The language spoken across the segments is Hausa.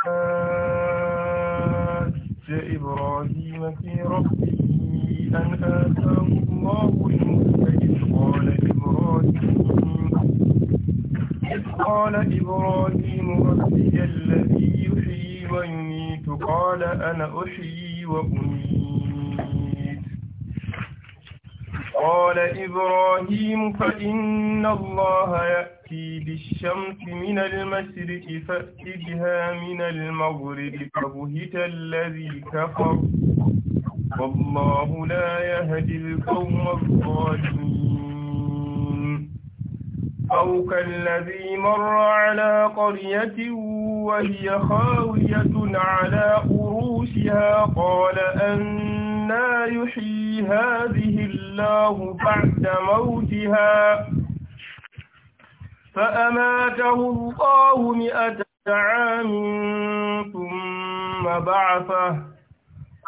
حاج إبراهيم في ربه أن آتاه الله الملك إذ قال إبراهيم إذ قال إبراهيم ربي الذي يحيي ويميت قال أنا أحيي وأميت قال إبراهيم فإن الله يأتي بالشمس من المشرق فأت بها من المغرب فبهت الذي كفر والله لا يهدي القوم الظالمين أو كالذي مر على قرية وهي خاوية على أروشها قال أنا يحيي هذه الله بعد موتها فأماته الله مئة عام ثم بعثه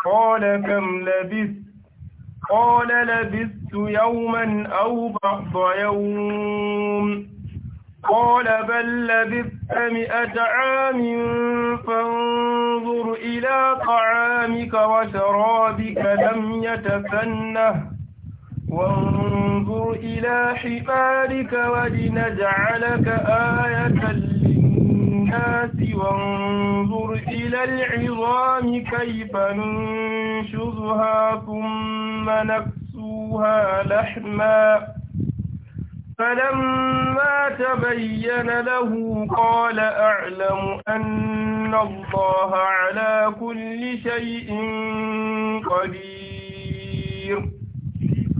قال كم لبثت قال لبثت يوما أو بعض يوم قال بل لبثت مئة عام فانظر إلى طعامك وشرابك لم يتسنه وانظر إلى حمارك ولنجعلك آية للناس وانظر إلى العظام كيف ننشزها ثم نكسوها لحما فلما تبين له قال أعلم أن الله على كل شيء قدير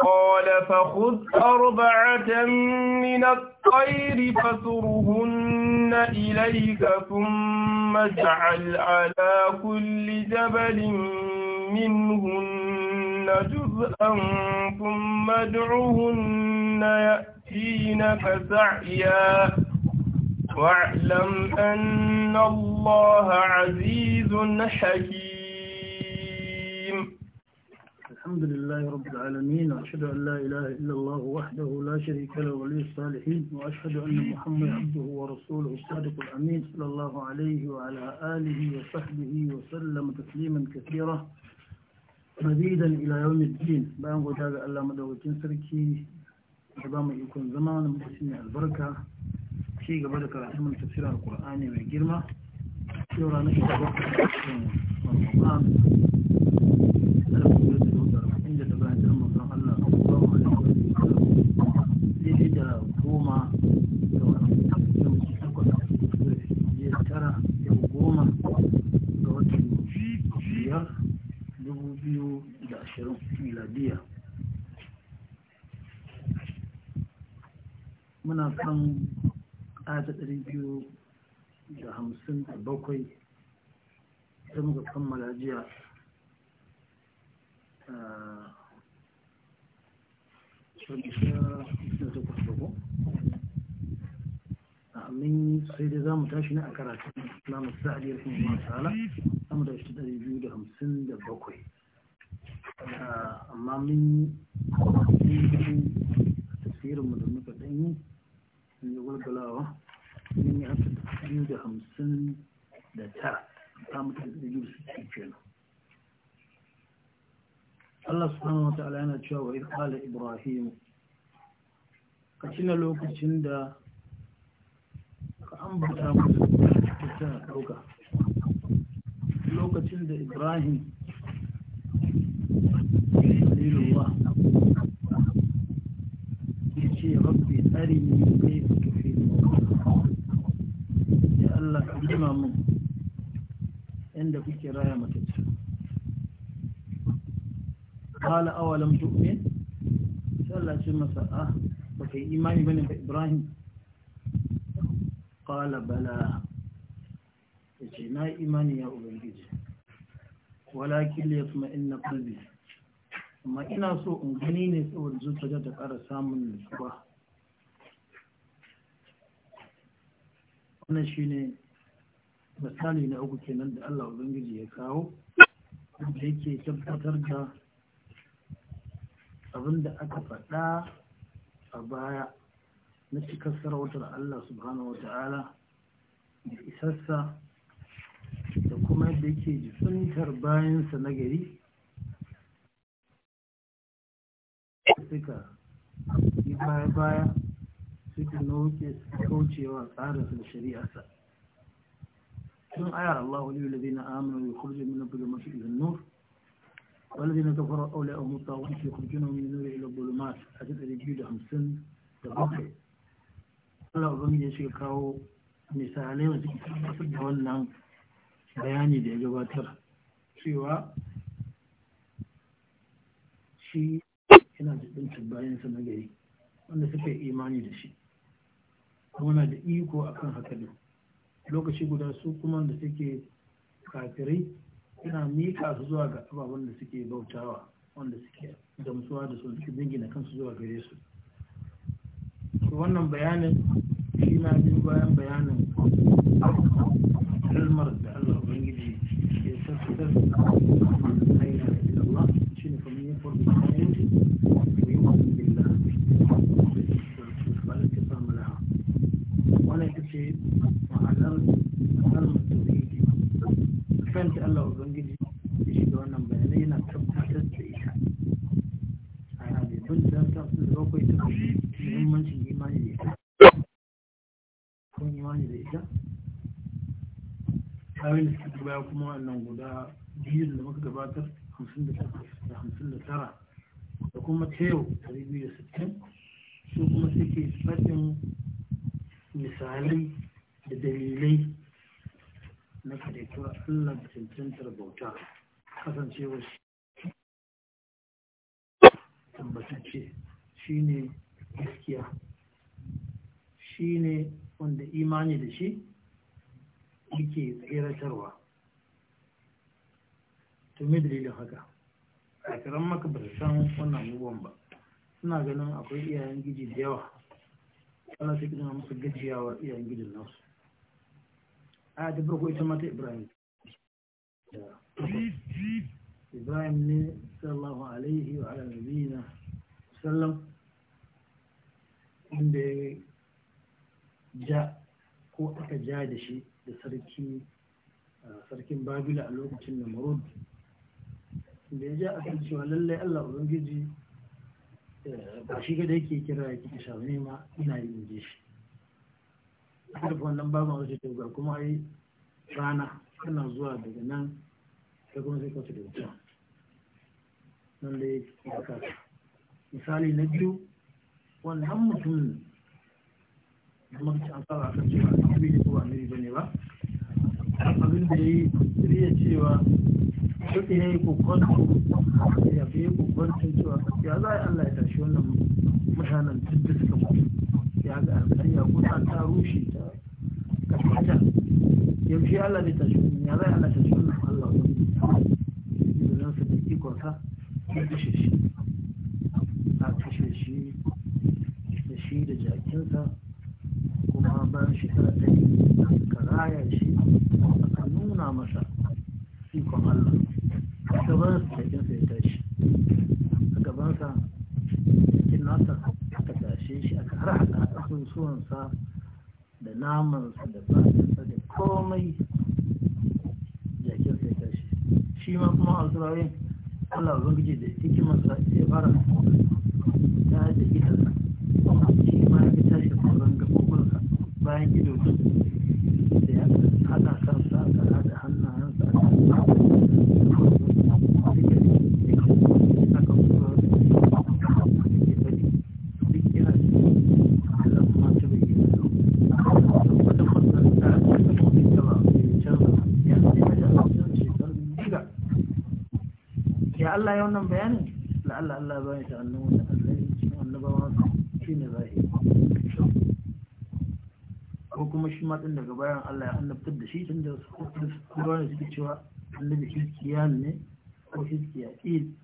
قال فخذ أربعة من الطير فسرهن إليك ثم اجعل على كل جبل منهن جزءا ثم ادعهن يأتينك سعيا واعلم أن الله عزيز حكيم الحمد لله رب العالمين وأشهد أن لا إله إلا الله وحده لا شريك له ولي الصالحين وأشهد أن محمد عبده ورسوله الصادق الأمين صلى الله عليه وعلى آله وصحبه وسلم تسليما كثيرا مزيدا إلى يوم الدين بأن قتاب ألا مدوتين سركي إمام يكون زمان مدسين البركة شيء قبل رحمة تفسير القرآن من جرمة يورانا شكرا muna kan ƙata ɗari biyu da hamsin da bakwai ta muka kammala jiya eh, amin sai dai za mu tashi na a karatun islamu sa'adiyar kuma masala za mu tashi ɗari biyu da hamsin da bakwai eh, amma min tafsirinmu da muka ɗanyi ne walgalawa ne ya fi biyu da hamsin da tara ta mutu da biyu da suke kenan Allah subhanahu wa ta'ala yana cewa wa iqala Ibrahim ka cina lokacin da ka ambata musu ta ɗauka. lokacin da Ibrahim Khalilullah ya ce rabbi tsari ne da ya suka fi ya Allah ka jima mun inda kuke raya mata ce kala awalan tuɓe sallah ce masa a ah, ba ka yi imani bane ba ibrahim kala bala ya ce na yi imani ya ubangiji walakin ya kuma inna kulbi amma ina so in gani ne tsawon zuciya ta ƙara samun nutsuwa wannan shine misali na uku kenan da Allah ubangiji ya kawo da yake tabbatar da abin da aka faɗa a baya na cikar sarautar Allah subhanahu wa ta'ala da isarsa da kuma yadda yake jisuntar bayansa na gari suka yi baya-baya suka kaucewa tsarinsa da shari'arsa tun ayar Allah wani yulazi na amina ya kurje mina buga masu izin nur walazi na kafara aule a mutu wani ke kurje na wani nuri ila bulumat a ta ɗari biyu da hamsin da bakwai Allah ubangiji ya shiga kawo misalai wasu ke da wannan bayani da ya gabatar cewa shi yana da ɗinkin bayansa na gari wanda suka yi imani da shi muna da iko akan haka ne lokaci guda su kuma da suke kafirai ina mika su zuwa ga ababen da suke bautawa wanda suke gamsuwa da su suke kan kansu zuwa gare su wannan bayanin shi na biyu bayan bayanin ayoyin da suka baya kuma wannan guda biyu da muka gabatar 58 da tara da kuma ta yau sittin su kuma suke faɗin misalai da dalilai na kadaitar Allah da cancantar bauta kasancewa tambatacce shi ne gaskiya shi ne wanda imani da shi yake tseratarwa to me dalilin haka a karan maka ba san wannan abubuwan ba suna ganin akwai iyayen gidi da yawa wannan sai kina musu gajiyawa iyayen na nasu a ta farko ita mata ibrahim ibrahim ne sallallahu alaihi wa ala nabiyina sallam inda ya ja ko aka ja da shi da sarki sarkin babila a lokacin da marud da ya ji a kan cewa lallai allah ubangiji eh, ba shi da yake kira ya kika sha ma ina yin je shi da wannan baban wajen ga kuma ai rana tana zuwa daga nan ta kuma sai kwata da wuta nan da ya kasa misali na biyu wannan mutum da mafi an fara a kan cewa annabi ne ko miri bane ba abin da yi shirya cewa suke ya yi kokonto ya fi yi cewa ya za a yi Allah ya tashi wannan mutanen duk da suka mutu ya ga alƙari ya kusa ta rushe ta kasata ya fi Allah ne tashi wannan ya za a yi Allah tashi wannan Allah wani domin su da ikonsa ya kashe shi a kashe shi da shi da jakinsa raya shi a nuna masa ikon Allah a gaban jikinsa ya tashi a sa jikin nasa aka tashe shi aka har haɗa suwansa da namansa da fatansa da komai jikinsa ya tashi shi ma kuma a turarin Allah gije da masa ya fara ta da idansa shi ma ya tashi sauran gaɓoɓinsa bayan ido wannan bayanin la'alla Allah ba ya ta'allama da Allah cikin annabawa shi ne zahiri ko kuma shi ma ɗin daga bayan Allah ya annabtar da shi tun da su da suke cewa annabi hiskiyan ne ko hiskiya il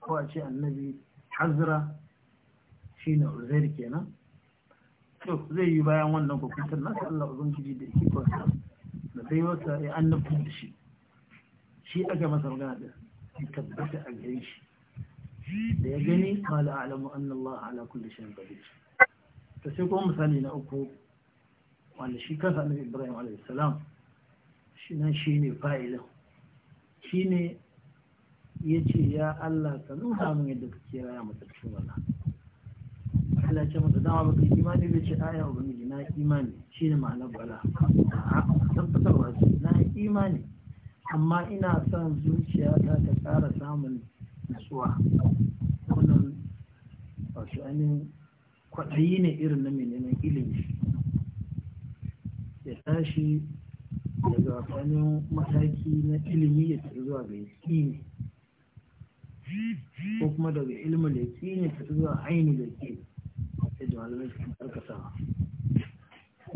ko a ce annabi hazra shi ne uzair kenan to zai yi bayan wannan na san Allah kiji da ikonsa da sai wata ya annabtar da shi shi aka masa magana ɗin ya tabbata a gare shi da ya gani kala alamu an ala kulli shayin qadir Ta sai kuma misali na uku wanda shi kansa annabi Ibrahim alaihi salam shi nan shine fa'ilin shine yace ya Allah ka nuna min yadda kake raya mata cikin wannan Allah ya ce masa dama baka yi imani bai ce aya ubangiji na imani ne ma'anar bala tabbatarwa ce na imani amma ina son zuciyata ta ƙara samun nasuwa wannan wasu ainihin kwaɗayi ne irin na menene ilimi ya tashi daga wani mataki na ilimi ya tafi zuwa ga yaƙini ko kuma daga ilimin da yaƙini ta zuwa aini da yaƙini sai da malamai su karkasa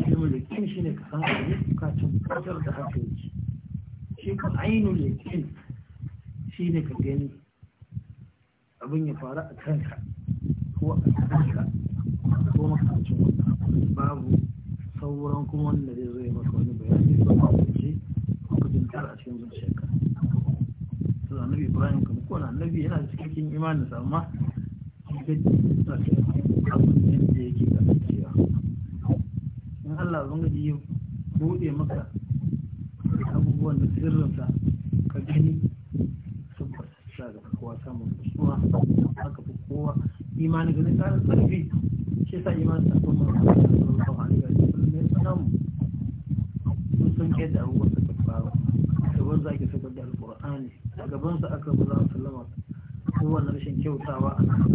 ilimin da yaƙini shi ne ka san abu ka kasar da haka yake shi ka ainihin yakin shi ne ka gani abin ya faru a kanka ko a kanka ko makamancin wannan babu sauran kuma wanda zai zo ya maka wani bayani ba a wuce ko kudin tara a cikin zuciyarka to annabi ibrahim kan ko annabi yana da cikakken imanin sa amma ga ta cikin abin da yake kasancewa in Allah zan gaji ya bude maka abubuwan da sirrinsa ka gani tabbas sa ga kowa samun kusuwa aka fi kowa imanin ganin tsarin tsarfi shi sa imanin tsarfin mai kasar da kawo hanyar da mai samu sun san yadda abubuwan da ta faru gaban za ake saukar da alkur'ani a gaban sa aka bu za a sallama kowane rashin kyautawa a nan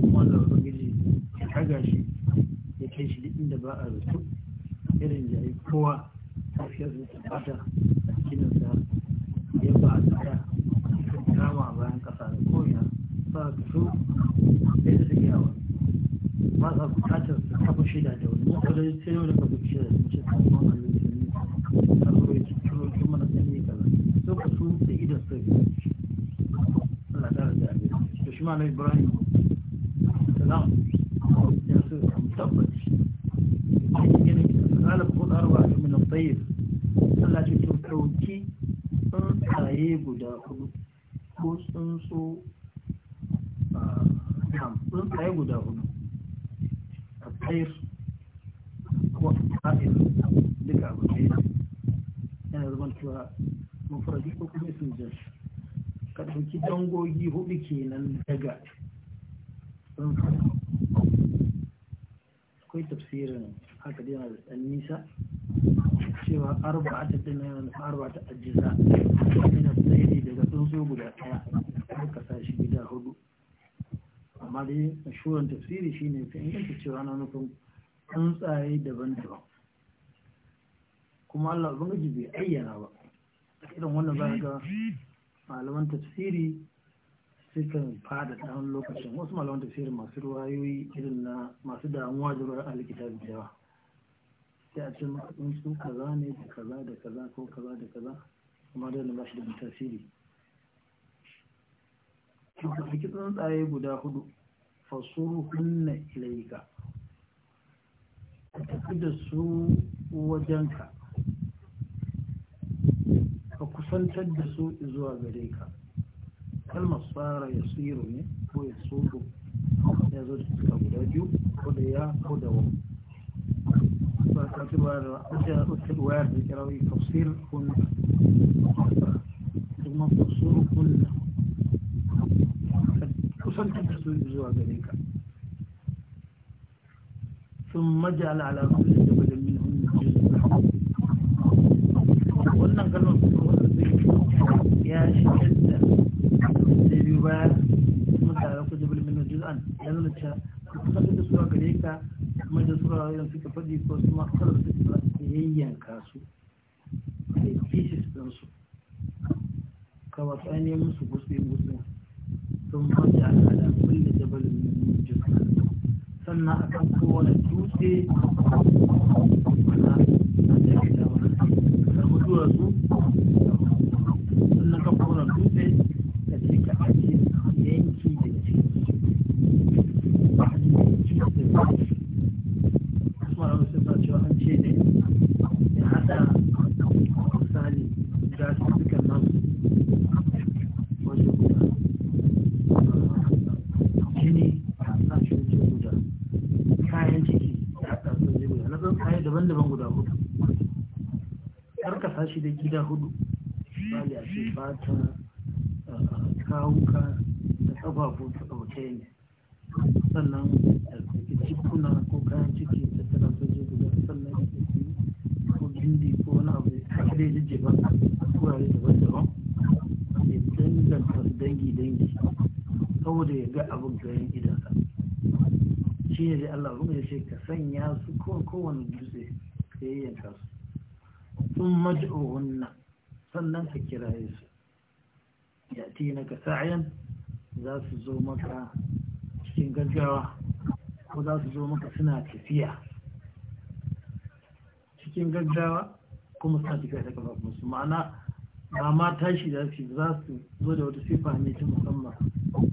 kuma da ubangiji ya kaga shi ya kai shi duk inda ba a rutu 就是大家。Allah ce to ɗauki tsuntsaye guda hudu ko tsuntsu nam tsuntsaye guda hudu a tsayir ko a tsayir duka abu ne yana zaman cewa mafarki ko kuma sun jashi ka ɗauki dangogi hudu kenan daga tsuntsaye akwai tafsirin haka dina da ɗan nisa cewa arba'ata ta nan ta ajiza min al-sayli daga tsuntsu guda daya aka kasa shi gida hudu amma dai mashhuran tafsiri shine sai in cewa na nufin tsuntsaye daban-daban kuma Allah gaji bai ayyana ba irin wannan za ga malaman tafsiri sukan fada ɗan lokacin wasu malaman tafsirin masu ruwayoyi irin na masu damuwa da a likita da yawa sai a ce su kaza ne da kaza da kaza ko kaza da kaza amma dole ba shi da tasiri ki tsaye guda hudu fasuruhunna ilaika ka tafi da su wajenka ka kusantar da su zuwa gare ka kalmar tsara ya tsiro ne ko ya tsoro ya zo da suka guda biyu ko da ya ko da wani وارد كراوي تفصيل كن ثم تفصيل كن وصلت بسوء ذلك ثم جعل على كل جبل منهم جزءا قلنا قالوا يا شكلت سيبي ثم جعل على كل جبل منهم جزءا لأنه لك وصلت بسوء ذلك Kamar da turawayen suka faɗi ko su da makar suka yayyanka su da pieces ɗinsu ka wasu ainihin musu gutsi-gutsi sun faɗi al'ada kulle ne min jisa sannan a kan kowane dutse na da ke da wani samu su sannan kan kowane dutse shi gida hudu bali a ce fata kawuka da kafafun ta ɗauke ne sannan da cikuna ko kayan ciki da tana soje guda sannan da ciki ko gindi ko wani abu a kire jijjiba wurare daban-daban ya danganta dangi-dangi saboda ya ga abin garin idansa shi ne dai Allah abin ya ce ka sanya su kowane dutse ka yayyanka su sun mad'uhunna sannan ka kiraye su ya tina ka sa'ayan za su zo maka cikin gaggawa ko za su zo maka suna tafiya cikin gaggawa kuma suna tafiya ta kafa musu ma'ana ba ma tashi da su za su zo da wata sifa ne ta musamman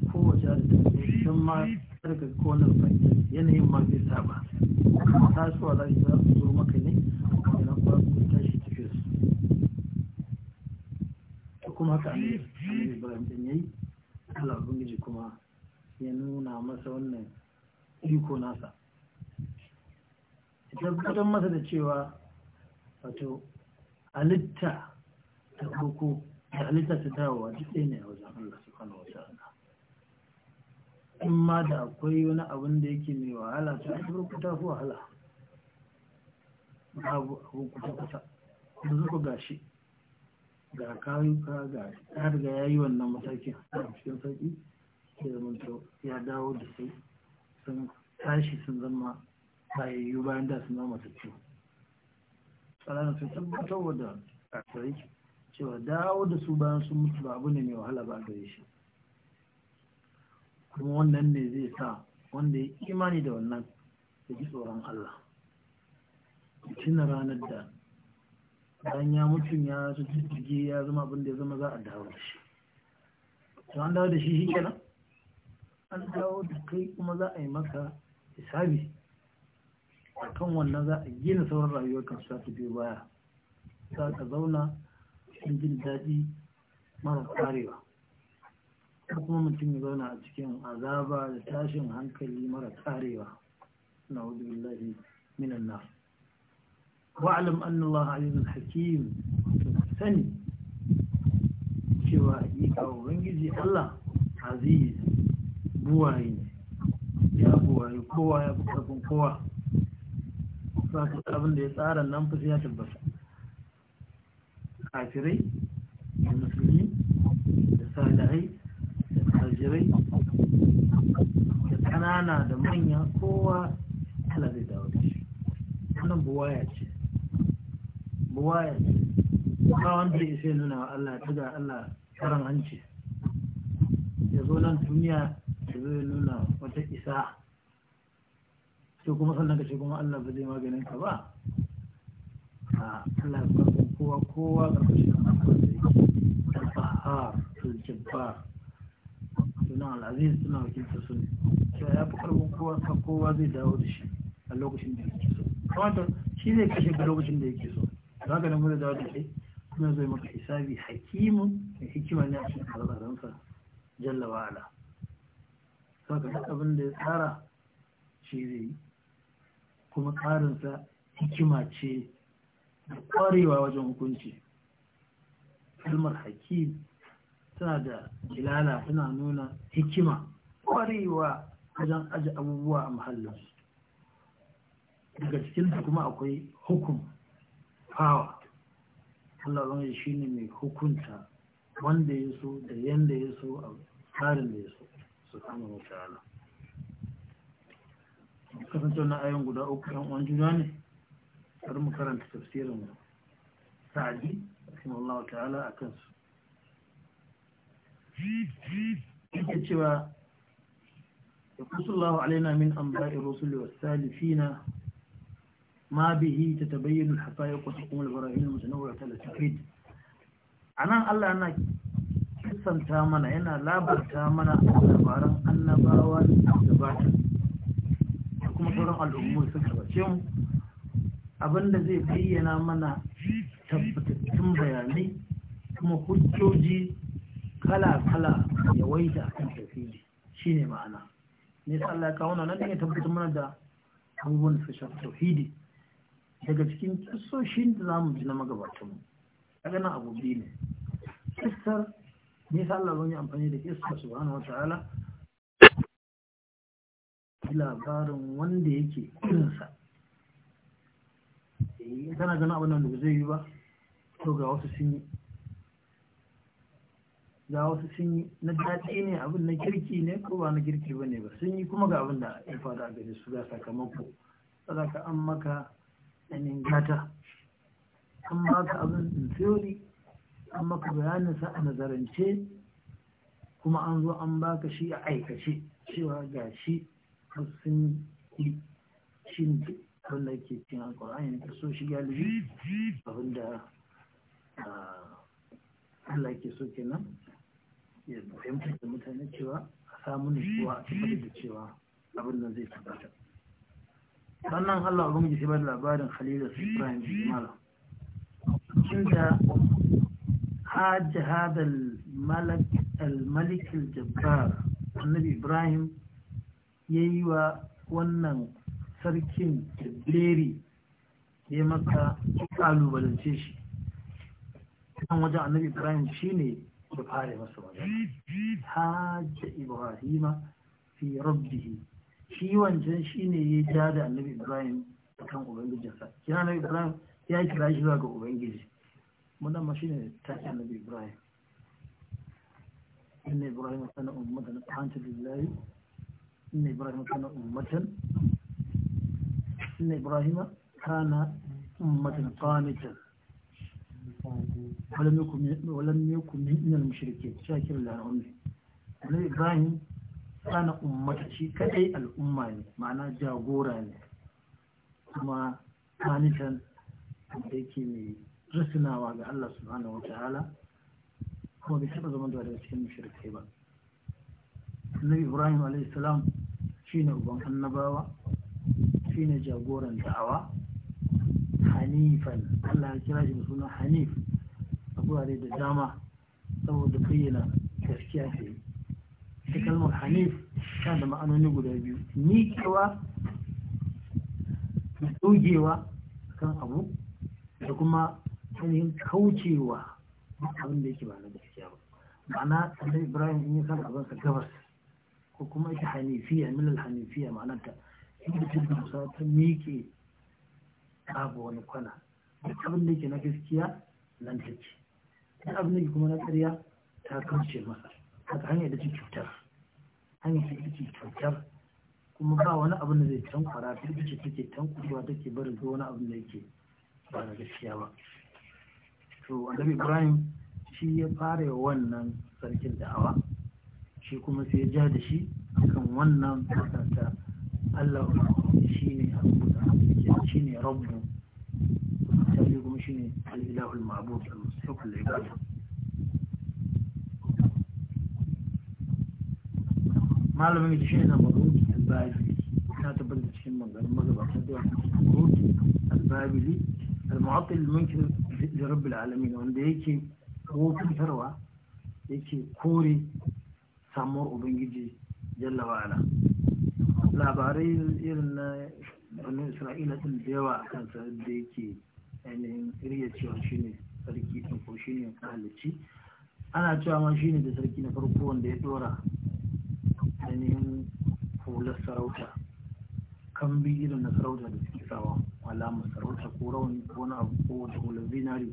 kowace da ta don ma karka konar fahimta yanayin ma bai saba tasowa za su zo maka ne idan ba su tashi kuma haka annabi Ibrahim din yayi Allah ubangiji kuma ya nuna masa wannan iko nasa tabbatar masa da cewa wato halitta ta koko da halitta ta dawowa duk ɗaya ne a wajen Allah subhanahu wata'ala in ma da akwai wani abin da yake mai wahala ta asibar kuta tafi wahala babu abu kuta kuta da zuku gashi ga kayuka ga har ga ya yi wannan matakin a cikin sauki ke zama ya dawo da su sun tashi sun zama bayayyu bayan da sun zama matattu tsarar sun tabbatar da kasari cewa dawo da su bayan sun mutu ba abu ne mai wahala ba gare shi kuma wannan ne zai sa wanda ya imani da wannan ya ji tsoron Allah tuna ranar da bayan ya mutum ya jijjige ya zama abin da ya zama za a dawo da shi to an dawo da shi shi kenan an dawo da kai kuma za a yi maka hisabi kan wannan za a gina sauran rayuwar kansu ta biyu baya za ka zauna cikin jin daɗi mara karewa ko kuma mutum ya zauna a cikin azaba da tashin hankali mara karewa na wajen billahi minan nasu wa'alam anna Allah azizun hakim to sani cewa hakika ubangiji Allah aziz buwaye ne ya buwaye kowa ya fi ƙarfin kowa ba abin da ya tsara nan fi ya tabbata kafirai da musulmi da salihai da kajirai da ƙanana da manya kowa ala zai dawo da shi wannan buwaya ce buwaya ba wanda ya sai nuna Allah ta ga Allah karan hanci ya zo nan duniya ya zo ya nuna wata isa sai kuma sannan ka ce kuma Allah ba zai maganin ka ba a Allah ya ba kowa kowa ga kashi da mafi al-fahar al-jabbar sunan al suna wakilta su ne cewa ya fi ƙarfin kowa kowa zai dawo da shi a lokacin da yake so kamar shi zai kashe ga lokacin da yake so haka nan gudu da wata kai kuma zai maka hisabi hakimun da hikima ne a cikin al'amuransa jalla wa'ala ka duk abin da ya tsara shi zai yi kuma karinsa hikima ce da ƙwarewa wajen hukunci kalmar hakim tana da jilala tana nuna hikima kwarewa wajen aji abubuwa a mahallinsu daga cikinta kuma akwai hukum power Allah wani shi ne mai hukunta wanda ya so da yanda ya so a tsarin da ya so su kama wata ala kasance wani ayon guda uku yan uwan juna ne har mu karanta tafsirin sa'adi rahimallahu ta'ala a kansu ita cewa ya kusa Allah alaina min an ba'i rusuli wa salifina ما به تتبين الحقائق وتقوم البراهين المتنوعة للتوحيد أنا الله أنا كسنتا منا yana لا mana منا labaran annabawa da gabata da kuma sauran al'ummai suka abinda zai bayyana mana tabbatattun bayanai kuma hujjoji kala-kala ya waita a kan tafili shi ne ma'ana ne Allah ya kawo nan ne tabbatar mana da abubuwan su shafi daga cikin kisoshin da zamu ji na magabatanmu daga nan abu biyu ne kissar nisa Allah zan yi amfani da kissar subhanahu wa ta'ala labarin wanda yake in eh, kana gana abin nan da zai yi ba to ga wasu sun yi ga wasu sun yi na daɗi ne abin na kirki ne ko ba na kirki ba ne ba sun yi kuma ga abin da ya faru a gare su ga sakamako ka an maka ainihin gata an baka abin in theory an maka bayanin sa a nazarance kuma an zo an baka shi a aikace cewa ga shi sun yi shi ne wanda ke cin alkur'ani ka so shi galibi abinda ah, Allah ke so kenan ya fahimta da mutane cewa a samu nutsuwa a da cewa abin nan zai tabbata sannan Allah mu ji da labarin Khalilu Ibrahim Jimala inda hajji al malik al-jabbar annabi Ibrahim yayi wa wannan sarkin Jibril ya maka balance shi kan wajen annabi Ibrahim shine ya fara masa magana Haja Ibrahim fi rabbihi shi wancan shi ne ya ja da annabi ibrahim a kan ubangijinsa kira annabi ibrahim ya kira shi zuwa ga ubangiji muna ma shi ne ta ce annabi ibrahim inna ibrahim kana ummatan ta'anta lillahi inna ibrahim kana ummatan inna ibrahim kana ummatan qanitan ولم يكن من المشركين شاكر لها أمي النبي ibrahim. kana ummata shi kadai al'umma ne ma'ana jagora ne kuma manitan da yake mai rasunawa ga Allah subhanahu wa ta'ala kuma bai taɓa zama daga cikin shirkai ba annabi ibrahim alayhi salam shine uban annabawa ne jagoran da'awa hanifan Allah ya kira shi da suna hanif a da dama saboda bayyana ma'anoni guda biyu miƙewa da dogewa kan abu da kuma ainihin kaucewa abin da yake ba na gaskiya ba ma'ana annabi ibrahim in ya san abinsa gabas ko kuma ita hanifiya milal hanifiya ta inda ta dusa ta miƙe abu wani kwana da abin da yake na gaskiya nan take ta abin da yake kuma na ƙarya ta kauce masa haka hanyar da ta cutar hanyar ita ce cutar kuma ba wani abin da zai tankwara ta take tankwarewa take bari zuwa wani abin da yake ba na gaskiya ba to annabi ibrahim shi ya fara wannan sarkin da'awa shi kuma sai ya ja da shi akan wannan kasanta allah shi ne shi ne rabbu kuma shi ne al'ilahul ma'abud al-mustaqil malamin yake shine na maruki albabili ina tabbatar da cikin maganin magabatan da maruki albabili al-mu'attil al-munkir li alamin wanda yake wofintarwa yake kore samuwar ubangiji jalla wa'ala labarai irin na wani isra'ila din da yawa a kansa da yake ainihin irya cewa shine sarki ɗin ko shine halicci ana cewa ma shine da sarki na farko wanda ya dora ainihin hular sarauta kan bi irin na sarauta da suke sawa alamar sarauta ko rauni ko wani abu ko wani hular zinari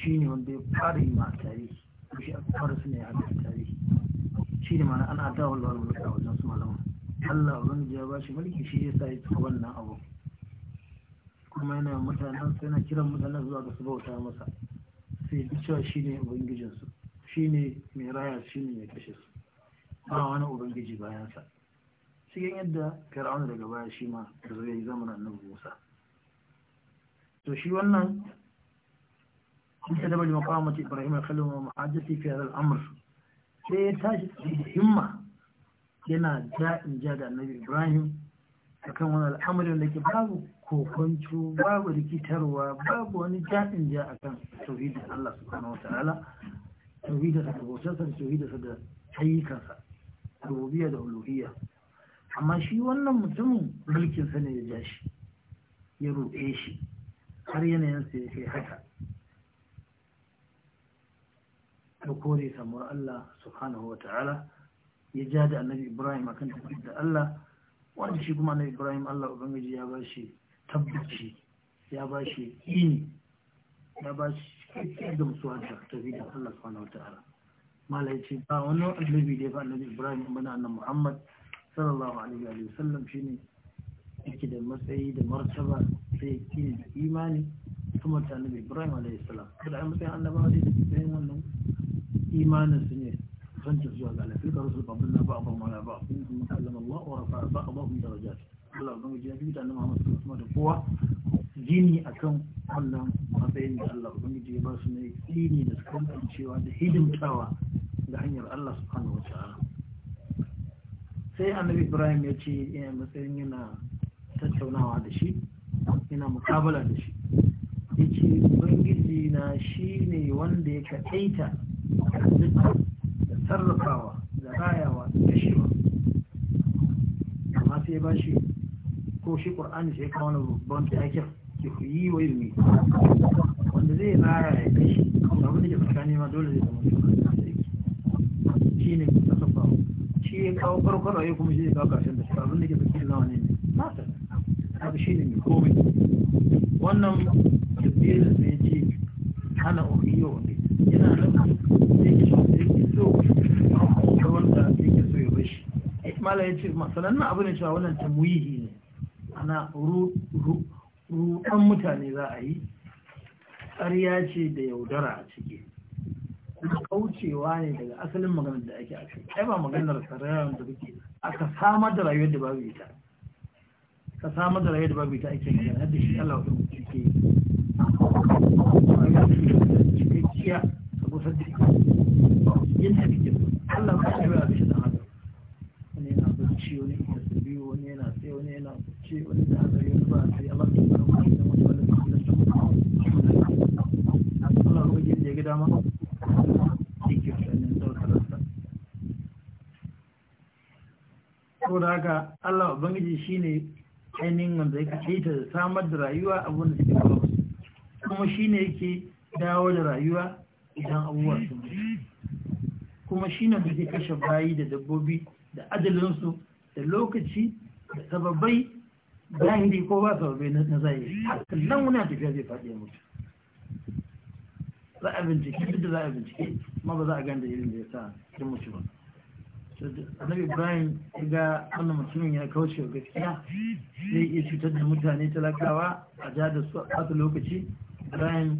shi ne wanda ya fara yi ma a tarihi ko shi a fara su ne a tarihi shi ne mana ana ta walwal mulki wajen su malama Allah wani ya ba shi mulki shi ya sa ya tsaka wannan abu kuma yana mutanen sai yana kiran mutanen zuwa ga su bauta masa sai duk cewa shi ne ubangijinsu shi ne mai raya shi ne mai kashe su ba wani ubangiji bayansa cikin yadda fir'auna daga baya shi ma da zai zama nan musa to shi wannan da bali maqamati ibrahim al-khalil wa muhajjati fi hadha al-amr sai ya tashi himma yana ja'in ja da annabi ibrahim akan wani al'amari da ke babu kokoncu babu rikitarwa babu wani ja'in ja akan tauhidin Allah subhanahu wa ta'ala tauhidin da tauhidin da ayyukansa rububiyya da uluhiyya amma shi wannan mutumin mulkinsa ne ya ja shi ya ruɗe shi har yanayinsa ya kai haka ta kore samuwar Allah subhanahu wa ta'ala ya ja da annabi Ibrahim kan tafi da Allah wanda shi kuma annabi Ibrahim Allah Ubangiji ya ba shi tabbaci ya ba shi ini ya ba shi da musuwa da tafi da Allah subhanahu wa ta'ala malai ce ba wani annabi da ya fi annabi ibrahim ibn annan muhammad sallallahu alaihi wa sallam ne. yake da matsayi da martaba sai kini da imani kuma ta annabi ibrahim alaihi salam kada an matsayin annabawa da ke bayan wannan imanin su ne kanta zuwa ga alafi ka rasul babu na ba'a ban wala ba'a kun kuma ta'allam Allah wa rafa'a ba'a ba kun daraja Allah ban gaji ya bi da annabi Muhammad sallallahu alaihi da kowa gini akan wannan matsayin da Allah ban gaji ya ba su ne gini da suka cewa da hidimtawa da hanyar Allah subhanahu wa ta'ala sai annabi ibrahim ya ce yana matsayin yana tattaunawa da shi yana mukabala da shi ya ce ubangiji na shi ne wanda ya kaɗaita da sarrafawa da rayawa da shiwa amma sai ba bashi ko shi ƙur'ani sai kawo na babban takin ke yi wa ilmi wanda zai raya ya kashi abu da ke tsakani ma dole zai zama shi ne mutasabbahu shi ya kawo farkon ra'ayi kuma shi ya kawo ƙarshen da shi abin da ke bakin nawa ne nasa abu shi ne mai komai wannan jibril ya ce hana ohiyo ne yana nufin da yake so da yake so ga wanda yake so ya bashi mala ya ce masanan abu ne cewa wannan tamuyihi ne ana ruɗan mutane za a yi ƙarya ce da yaudara a ciki kaucewa ne daga asalin maganar da ake ake ai ba maganar sararin da kake aka samar da rayuwar da babu ita ka samar da rayuwar da babu ita ake magana da shi Allah ya mutu ke yi. a kusa da yin ko da haka Allah ubangiji shine ainihin wanda ya kaita da samar da rayuwa abin da suke kawo kuma shi ne yake dawo da rayuwa idan abubuwa sun kuma shine da ke kashe bayi da dabbobi da adalinsu da lokaci da sababai hindi ko ba sababai na zai nan wani tafiya zai faɗi mutu za a bincike duk da za a bincike ma ba za a ganda irin da ya sa ya mutu ba annabi ibrahim ga wannan mutumin ya kauce gaskiya zai iya cutar da mutane talakawa a ja da su a lokaci ibrahim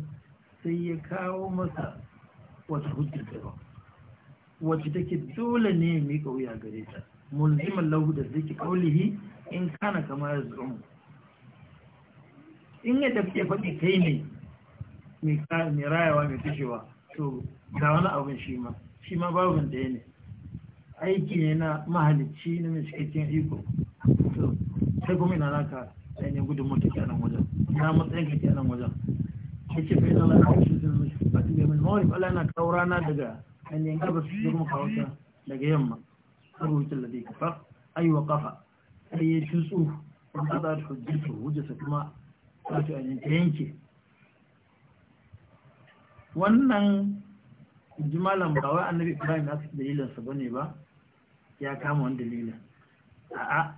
sai ya kawo masa wata hujjar gaba. wacce take dole ne ya miƙa gare ta mulzimin lahu da zai kaulihi in kana kamar zuwan in ya tafiye faɗi kai ne mai rayawa mai kashewa to ga wani abin shi ma shi ma babin ɗaya ne aiki ne na mahalicci na mai cikakken iko to sai kuma ina ka ainihin gudun mutu ke nan wajen Na matsayin ka ke nan wajen ya ce bai Allah na shi da mai fadi bai mai mawari Bala na kawo rana daga ainihin gabas da kuma kawo daga yamma rubutun da zai kafa ayyuwa kafa sai ya tutsu wanda za ta wuce su kuma za ta yanke wannan jimalan ba wai annabi ibrahim ya su dalilinsa ba ne ba ya kama wani dalilin a'a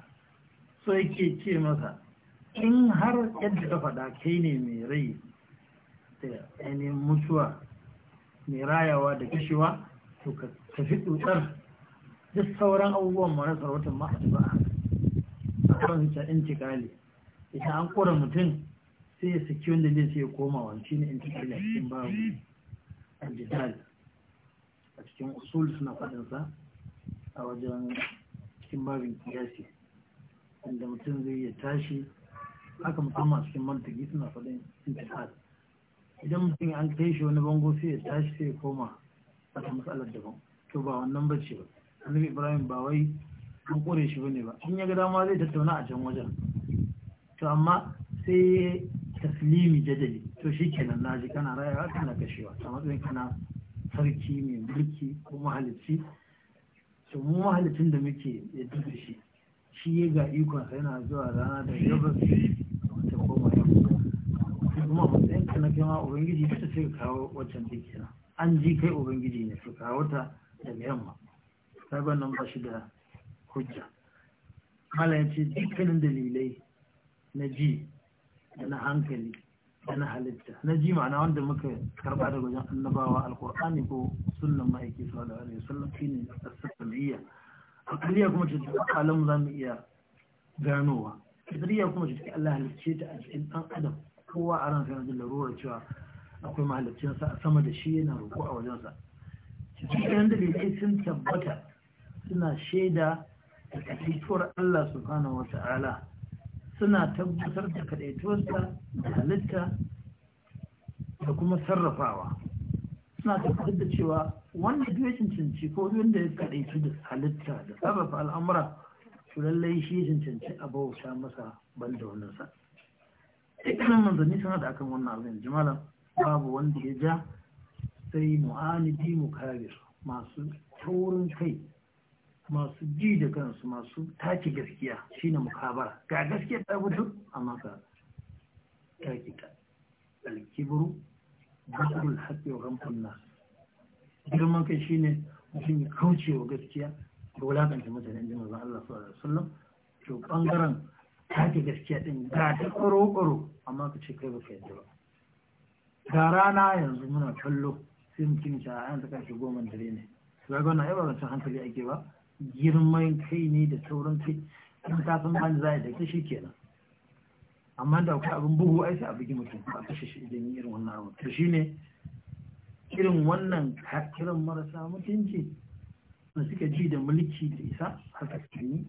so yake ce masa in har yadda ka faɗa kai ne mai rai da ainihin mutuwa mai rayawa da kashewa to ka tafi tsutsar duk sauran abubuwan marasar watan ma a a kan ta intikali idan an kora mutum sai ya saki wanda zai sai ya koma wanci ne intikali a cikin babu a a cikin usul suna faɗinsa a wajen cikin babin kiyasi inda mutum zai iya tashi haka musamman cikin mantaki suna faɗin intihad idan mutum an kai shi wani bango sai ya tashi sai ya koma a ta matsalar daban to ba wannan ba ce ba annabi ibrahim ba wai an kore shi bane ba in ya ga dama zai tattauna a can wajen to amma sai taslimi jadali to shi kenan na ji kana rayuwa kana kashewa a matsayin kana sarki mai mulki ko mahalicci to mu mahalicin da muke ya duka shi shi ya ga ikon yana zuwa rana da gabas ta koma yamma kuma matsayin ka na kai ma ubangiji ta sai kawo waccan take na an ji kai ubangiji ne su kawo ta daga yamma sabon nan ba shi da hujja mala ya ce dukkanin dalilai na ji da na hankali na halitta na ji ma'ana wanda muka karba daga wajen annabawa alkur'ani ko sunan ma'aiki sallallahu alaihi wasallam shine as-sabiyya akaliya kuma ce da za mu iya ganowa kadariya kuma ce da Allah halicce ta a cikin dan adam kowa a ran sanar da larurar cewa akwai mahaliccin sa sama da shi yana roko a wajen sa cikin da bai sun tabbata suna shaida da kaituwar Allah subhanahu wa ta'ala suna tabbatar da kadaituwarsa da halitta da kuma sarrafawa suna tabbatar da cewa wanda duk ya cancanci ko wanda ya kadaitu da halitta da sarrafa al'amura su lallai shi cancanci a bauta masa ban da wani sa dukkanin manzanni suna da akan wannan abin jimala babu wanda ya ja sai mu'anidi su, masu taurin kai masu ji da kansu masu taki gaskiya shine mukabara ga gaskiya ta fito amma ka taki ta alkibru basrul haqqi wa ghamtun nas girman kai shine mutum ya kauce wa gaskiya da wulakanta mutane da manzon Allah sallallahu alaihi wasallam to bangaren taki gaskiya din ga ta koro ƙoro amma ka ce kai baka yadda ba ga rana yanzu muna kallo sai mutum ya a yanzu kashi goma dare ne ga na ai ba hankali ake ba girman kai ne da sauran kai in ka san ban za da ta shi kenan amma da akwai abin buhu ai sai a bugi mutum a kashe shi idan irin wannan abu to shine irin wannan kiran marasa mutunci da suka ji da mulki da isa haka suke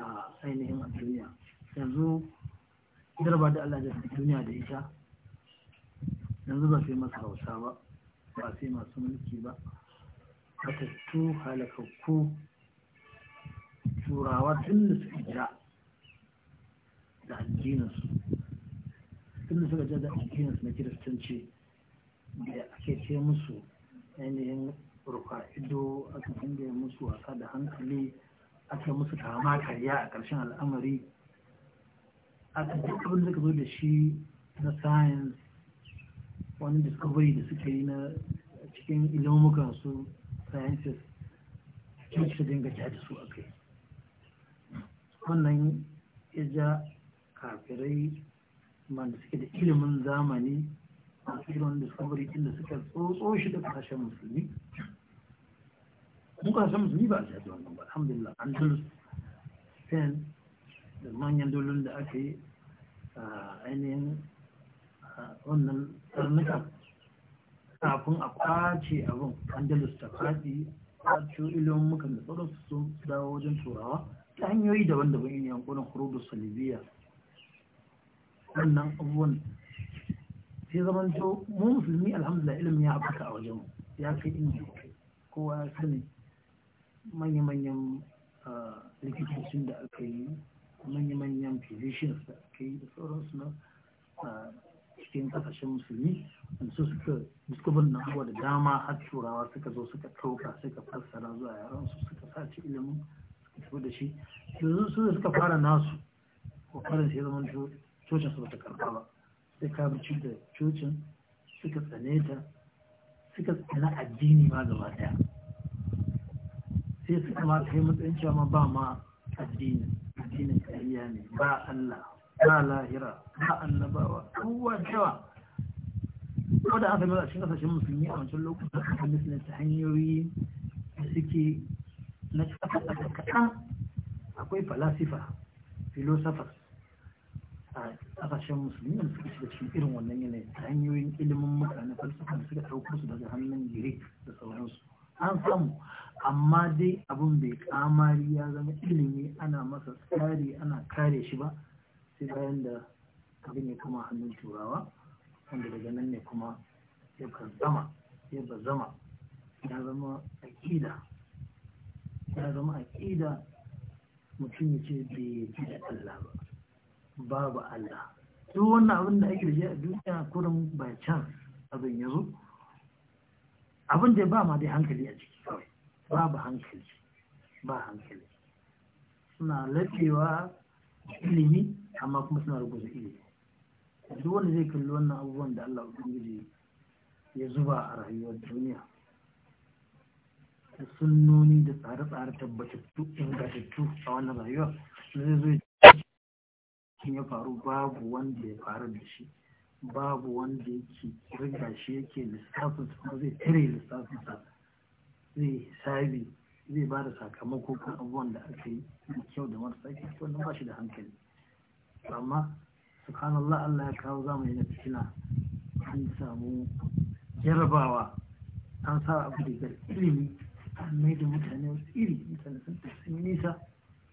a ainihin a duniya yanzu ba da Allah da duniya da isa yanzu ba sai masa hausa ba ba sai masu mulki ba tattu halakakku turawa tun da suka jira da addininsu tun da suka ja da addininsu na kiristanci da ake ce musu ainihin rufa ido aka dinga musu wasa da hankali aka musu kama karya a ƙarshen al'amari aka duk abin da zo da shi na science wani discovery da suka yi na cikin ilimukan su sciences shi dinga jaji su a kai wannan ya ja kafirai wanda suke da ilimin zamani masu ilimin discovery din inda suka tsotso shi da kasashen musulmi mu san musulmi ba a shafi wannan ba alhamdulillah dole spain da manyan dole da aka yi a ainihin wannan tsarnuka kafin a kwace abin su ta faɗi a cikin ilimin muka da tsoron su dawo wajen turawa ta hanyoyi daban-daban yin yankunan kurudu salibiya wannan abubuwan sai zaman to mu musulmi alhamdulillah ilimin ya haɓaka a wajen ya kai inda kowa ya sani manya-manyan ah, likitocin da aka yi manya-manyan physicians da aka yi da sauransu na ah, cikin kasashen musulmi su suka discover na abuwa da dama har turawa suka zo suka kauka suka fassara zuwa yaran su suka sace ilimin su da shi yanzu su suka fara nasu kokarin sai zaman cocin su ba ta karɓa ba sai ka bici da cocin suka tsane ta suka tsana addini ma gaba daya sai suka ma kai matsayin cewa ma ba ma addini addinin kariya ne ba Allah ba lahira ba annabawa kowa cewa ko da aka yi a cikin kasashen musulmi a wancan lokacin aka misali ta hanyoyi da suke na ƙasa kaɗan akwai falasifa filosofas a ƙasashen musulmi da suka shiga cikin irin wannan yanayi ta hanyoyin ilimin mutane falsafa da suka ɗauko su daga hannun giri da sauransu an samu amma dai abin bai kamari ya zama ilimi ana masa tsari ana kare shi ba sai bayan da abin ya kuma hannun turawa wanda daga nan ne kuma ya zama ya zama ya zama aƙida ya zama aƙida mutum ya ce bai ji da Allah ba babu Allah duk wannan abin da ake da a duniya kurin ba can abin ya zo abin da ba ma dai hankali a ciki kawai babu hankali ba hankali suna lafewa ilimi amma kuma suna rubuta ilimi duk wanda zai kalli wannan abubuwan da Allah ubangiji ya zuba a rayuwar duniya da sunnoni da tsare-tsare tabbatattu ingantattu a wannan rayuwa zai zo ya faru babu wanda ya faru da shi babu wanda yake riga shi yake lissafin kuma zai tare lissafinsa zai sabi zai ba da sakamako kan abubuwan da aka yi da kyau da marasa kyau wannan ba shi da hankali amma subhanallah Allah ya kawo zamani na fitina an samu jarabawa an sa abu da ilimi an mai da mutane wasu iri mutane sun tafi nisa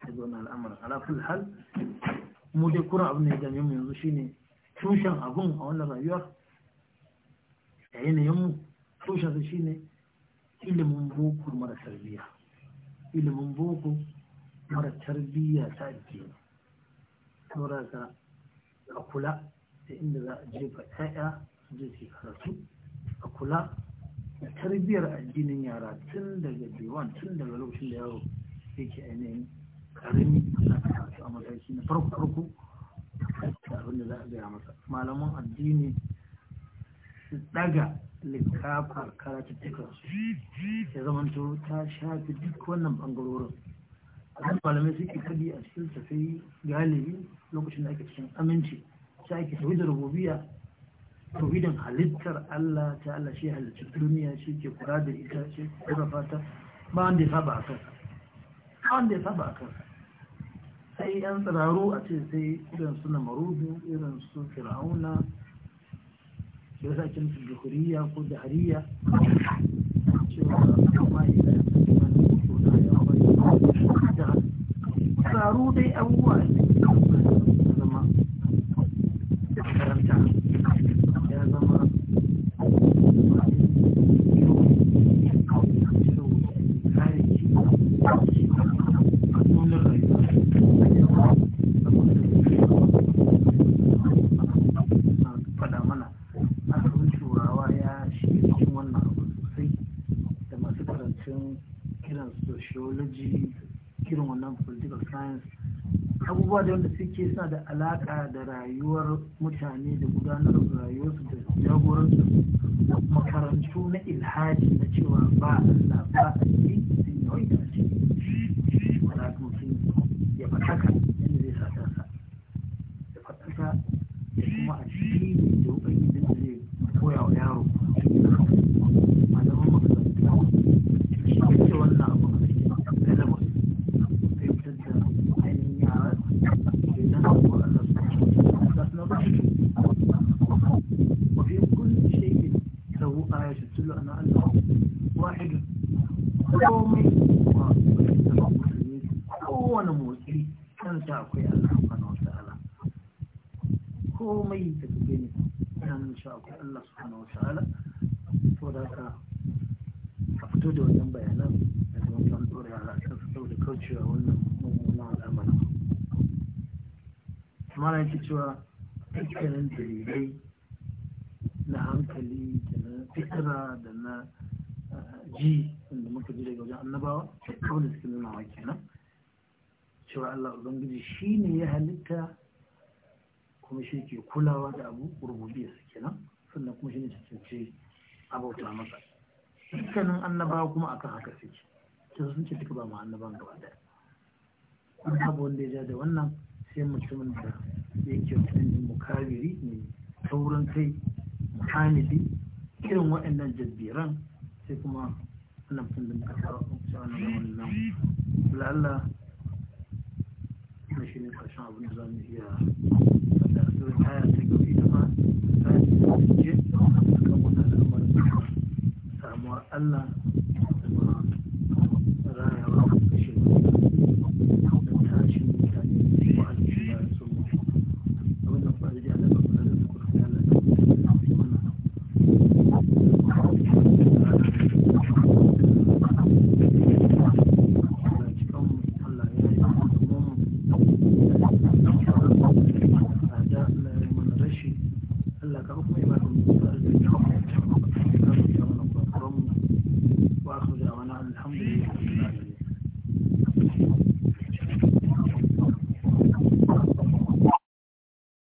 daga wani al'amura ala hal mu dai kura abin da ya dame mu yanzu shine tushen abun a wannan rayuwar da yanayin mu tushen su shine ilimin boko mara tarbiyya ilimin boko mara tarbiyya ta ake saboda ka a kula da inda za a jefa 'ya'ya su je su karatu a kula da tarbiyyar addinin yara tun daga dewan tun daga lokacin da yaro yake ainihin karami a mataki na farko farko da abin da za a gaya masa malaman addini su daga littafar su ya zamanto ta shafi duk wannan bangarorin abin malamai suke kadi a cikin tafi galibi lokacin da ake cikin aminci sai ake sauyi da rububiya tauhidin halittar Allah ta Allah shi halittu duniya shi ke kura da ita shi sarrafa ta ba wanda ya saba a kansa ba wanda ya saba a kansa sai yan tsiraro a ce sai irin su na marudu irin su fir'auna da yasa kin su jihuriya ko jahariya cewa kuma yi da tsiraro dai abubuwa ne ke suna da alaƙa da rayuwar mutane da gudanar da rayuwarsu da jagoransu makarantu na ilhadi na cewa ba Allah ba a yi sun yawai da ce wala mutum ya fataka yadda zai sata sa ya fataka ya kuma addini da ubangijin da zai koya wa yaro cewa akwai Allah subhanahu wata'ala to da haka a fito da wannan bayanan da kuma kan dore a kan saboda kaucewa wannan mummunan al'amari mara yake cewa dukkanin dalilai na hankali da na fitira da na eh, ji da muka ji daga wajen annabawa kawai da suke nuna wa kenan cewa Allah Ubangiji shi ne ya halitta kuma shi ke kulawa da abu rububiyar su kenan sannan kuma shi ne ce abauta masa dukkanin annabawa kuma akan haka suke ta sun ce duka ba ma annaban gaba daya an abu wanda ya ja da wannan sai mutumin da yake wani mukabiri ne taurin kai muhamidi irin waɗannan jabbiran sai kuma ana fundin kasar wannan nan lalla kuma shi ne ƙarshen abin da za mu iya Allah